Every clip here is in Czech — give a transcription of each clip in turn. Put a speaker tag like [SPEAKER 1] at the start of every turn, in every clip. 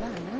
[SPEAKER 1] va, no?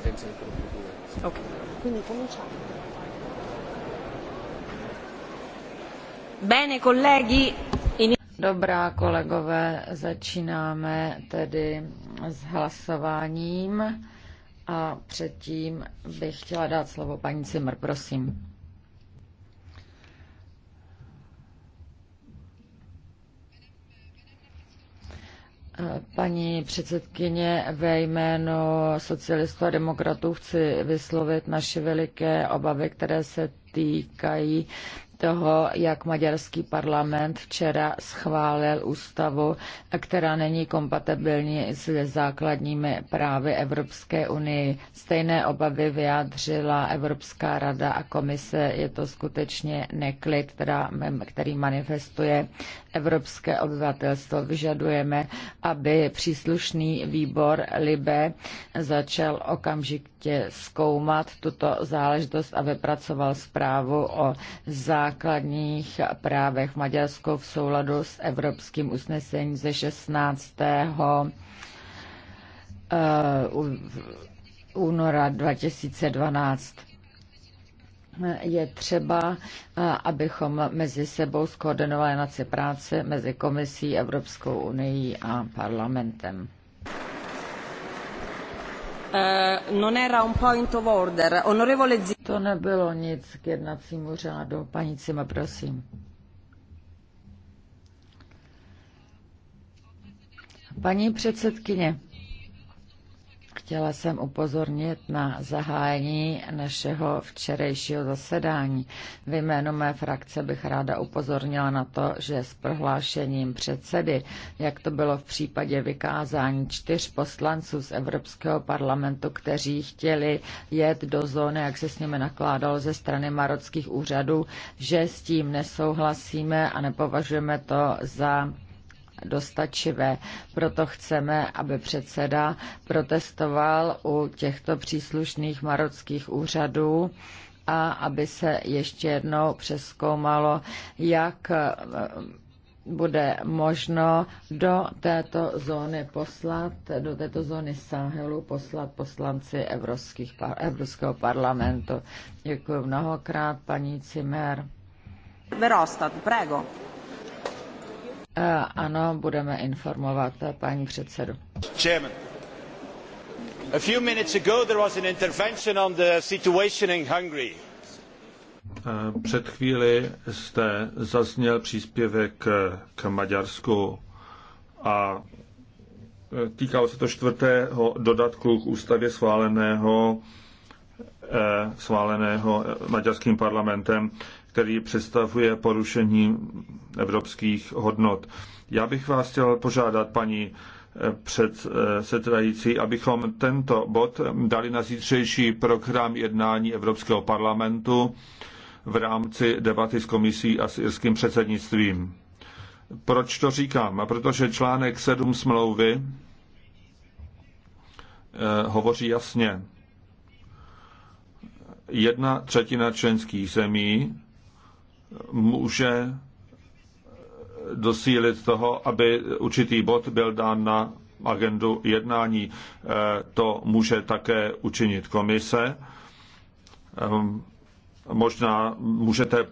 [SPEAKER 2] presidenza del gruppo 2. Ok, quindi cominciamo.
[SPEAKER 1] Bene, colleghi. In... Dobrá, kolegové, začínáme tedy s hlasováním a předtím bych chtěla dát slovo paní Cimr, prosím. Paní předsedkyně, ve jménu socialistů a demokratů chci vyslovit naše veliké obavy, které se týkají toho, jak maďarský parlament včera schválil ústavu, která není kompatibilní s základními právy Evropské unii. Stejné obavy vyjádřila Evropská rada a komise. Je to skutečně neklid, která, který manifestuje evropské obyvatelstvo. Vyžadujeme, aby příslušný výbor LIBE začal okamžitě zkoumat tuto záležitost a vypracoval zprávu o základních základních právech v Maďarsku v souladu s evropským usnesením ze 16. Eh, února 2012 je třeba, eh, abychom mezi sebou skoordinovali naci práce mezi Komisí, Evropskou unii a parlamentem. Eh, to nebylo nic k jednacímu řádu. Paní Cima, prosím. Paní předsedkyně, Chtěla jsem upozornit na zahájení našeho včerejšího zasedání. V jménu mé frakce bych ráda upozornila na to, že s prohlášením předsedy, jak to bylo v případě vykázání čtyř poslanců z Evropského parlamentu, kteří chtěli jet do zóny, jak se s nimi nakládalo ze strany marockých úřadů, že s tím nesouhlasíme a nepovažujeme to za dostačivé. Proto chceme, aby předseda protestoval u těchto příslušných marockých úřadů a aby se ještě jednou přeskoumalo, jak eh, bude možno do této zóny poslat, do této zóny Sahelu poslat poslanci Evropských, Evropského parlamentu. Děkuji mnohokrát, paní Cimer. Verostat, prego. Eh, ano, budeme informovat eh, paní předsedu.
[SPEAKER 2] Chairman. A few minutes ago there was an intervention on the situation in Hungary. Eh, před chvíli jste zazněl příspěvek k Maďarsku a týkalo se to čtvrtého dodatku k ústavě schváleného, schváleného maďarským parlamentem který představuje porušení evropských hodnot. Já bych vás chtěl požádat, paní eh, předsedající, abychom tento bod dali na zítřejší program jednání Evropského parlamentu v rámci debaty s komisí a s irským předsednictvím. Proč to říkám? Protože článek 7 smlouvy eh, hovoří jasně. Jedna třetina členských zemí může dosílit toho, aby určitý bod byl dán na agendu jednání. E, to může také učinit komise. E, možná můžete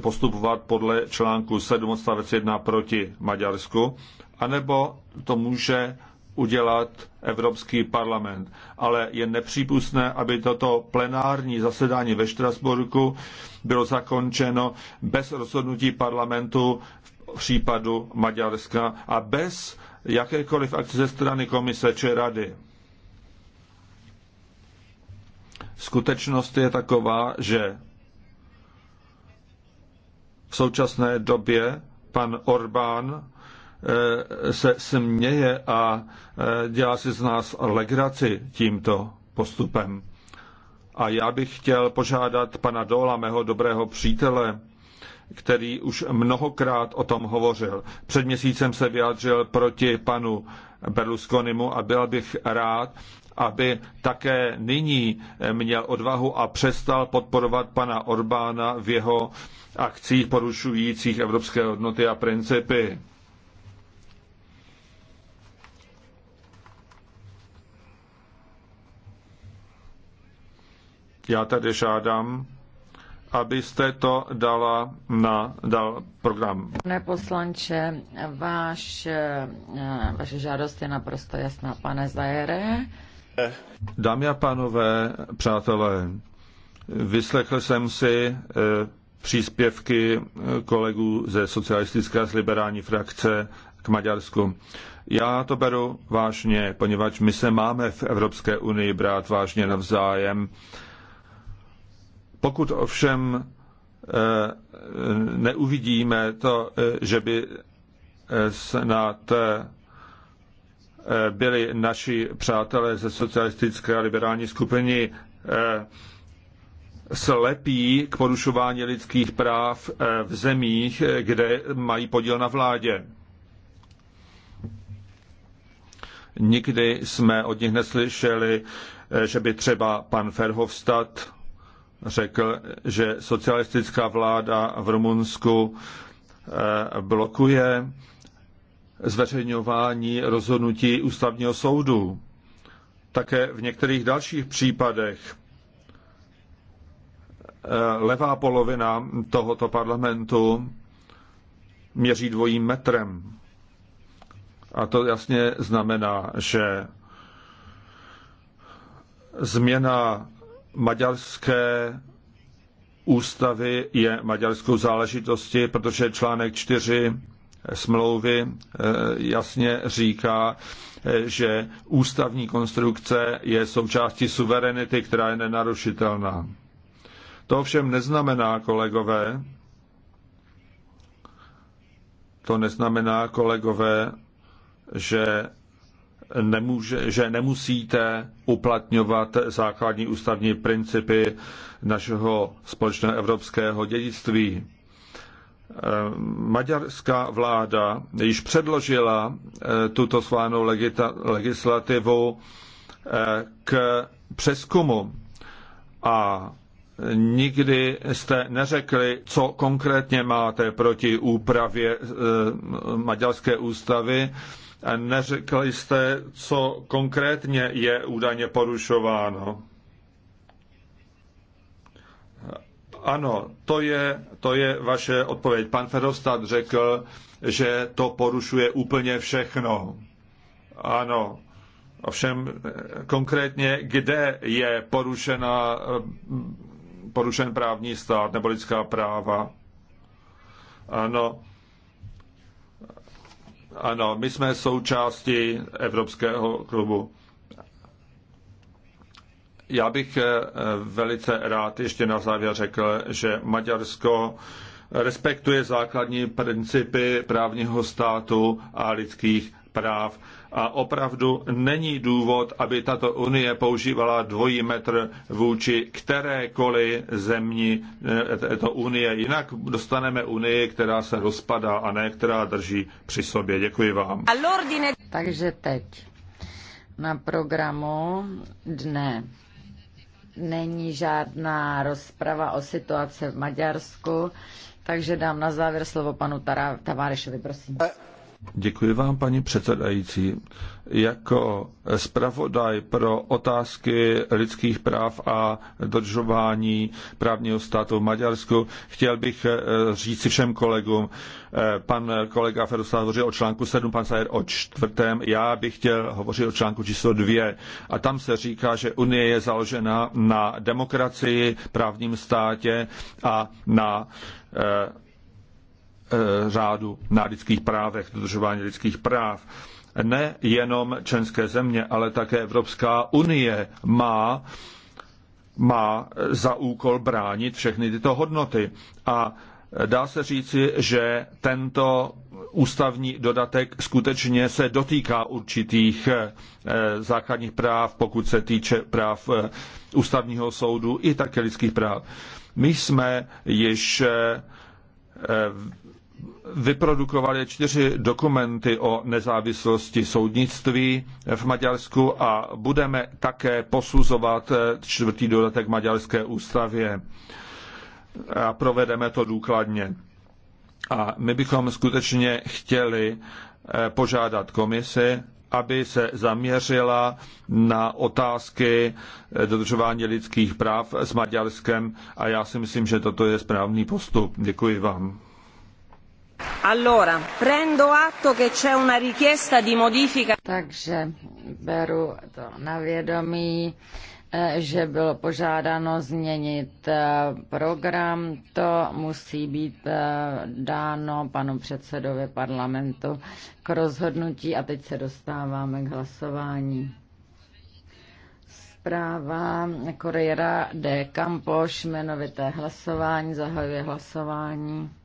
[SPEAKER 2] postupovat podle článku 7 odstavec 1 proti Maďarsku, anebo to může udělat Evropský parlament. Ale je nepřípustné, aby toto plenární zasedání ve Štrasburku bylo zakončeno bez rozhodnutí parlamentu v případu Maďarska a bez jakékoliv akce ze strany komise či rady. Skutečnost je taková, že v současné době pan Orbán Eh, se směje a eh, dělá si z nás legraci tímto postupem. A já bych chtěl požádat pana Dola, mého dobrého přítele, který už mnohokrát o tom hovořil. Před měsícem se vyjádřil proti panu Berlusconimu a byl bych rád, aby také nyní měl odvahu a přestal podporovat pana Orbána v jeho akcích porušujících evropské hodnoty a principy. Já tady žádám, abyste to dala na dal program.
[SPEAKER 1] Pane poslanče, váš, eh, vaše žádost je naprosto jasná, pane Zajere.
[SPEAKER 2] Dámy a pánové, přátelé, vyslechl jsem si eh, příspěvky kolegů ze socialistické a liberální frakce k Maďarsku. Já to beru vážně, poněvadž my se máme v Evropské unii brát vážně navzájem pokud ovšem eh, neuvidíme to, eh, že by eh, snad byli naši přátelé ze socialistické a liberální skupiny slepí k porušování lidských práv v zemích, kde mají podíl na vládě. Nikdy jsme od nich neslyšeli, že by třeba pan Ferhofstadt řekl, že socialistická vláda v Rumunsku eh, blokuje zveřejňování rozhodnutí ústavního soudu. Také v některých dalších případech eh, levá polovina tohoto parlamentu měří dvojím metrem. A to jasně znamená, že změna maďarské ústavy je maďarskou záležitostí, protože článek 4 smlouvy eh, jasně říká, eh, že ústavní konstrukce je součástí suverenity, která je nenarušitelná. To ovšem neznamená, kolegové, to neznamená, kolegové, že nemůže, že nemusíte uplatňovat základní ústavní principy našeho společného evropského dědictví. Eh, maďarská vláda již předložila eh, tuto schválenou legislativu eh, k přeskumu a nikdy jste neřekli, co konkrétně máte proti úpravě maďarské ústavy Neřekli jste, co konkrétně je údajně porušováno. Ano, to je, to je vaše odpověď. Pan Ferostat řekl, že to porušuje úplně všechno. Ano. Ovšem konkrétně, kde je porušena, porušen právní stát nebo lidská práva. Ano, ano, my jsme součástí Evropského klubu. Já bych eh, velice rád ještě na závěr řekl, že Maďarsko respektuje základní principy právního státu a lidských práv a opravdu není důvod, aby tato unie používala dvojí metr vůči kterékoliv zemi eh, této unie. Jinak dostaneme unii, která se rozpadá a ne která drží při sobě. Děkuji vám.
[SPEAKER 1] Takže teď na programu dne není žádná rozprava o situaci v Maďarsku, takže dám na závěr slovo panu Tavárešovi, prosím.
[SPEAKER 2] Děkuji vám, paní předsedající. Jako zpravodaj pro otázky lidských práv a dodržování právního státu v Maďarsku chtěl bych eh, říci všem kolegům, eh, pan kolega Ferusán hovořil o článku 7, pan Sajer o čtvrtém, já bych chtěl hovořit o článku číslo 2. A tam se říká, že Unie je založena na demokracii, právním státě a na eh, Eh, řádu na lidských právech, dodržování lidských práv. Ne jenom členské země, ale také Evropská unie má má za úkol bránit všechny tyto hodnoty. A dá se říci, že tento ústavní dodatek skutečně se dotýká určitých eh, základních práv, pokud se týče práv eh, ústavního soudu i také lidských práv. My jsme již vyprodukovali čtyři dokumenty o nezávislosti soudnictví v Maďarsku a budeme také posuzovat eh, čtvrtý dodatek Maďarské ústavě a provedeme to důkladně. A my bychom skutečně chtěli eh, požádat komisi, aby se zaměřila na otázky eh, dodržování lidských práv s Maďarskem a já si myslím, že toto je správný postup. Děkuji vám.
[SPEAKER 1] Allora, prendo atto che c'è una richiesta di modifica. Takže beru to na vědomí, eh, že bylo požádáno změnit eh, program. To musí být eh, dáno panu předsedovi parlamentu k rozhodnutí a teď se dostáváme k hlasování zpráva Correira de Campos, jmenovité hlasování, zahajuje hlasování.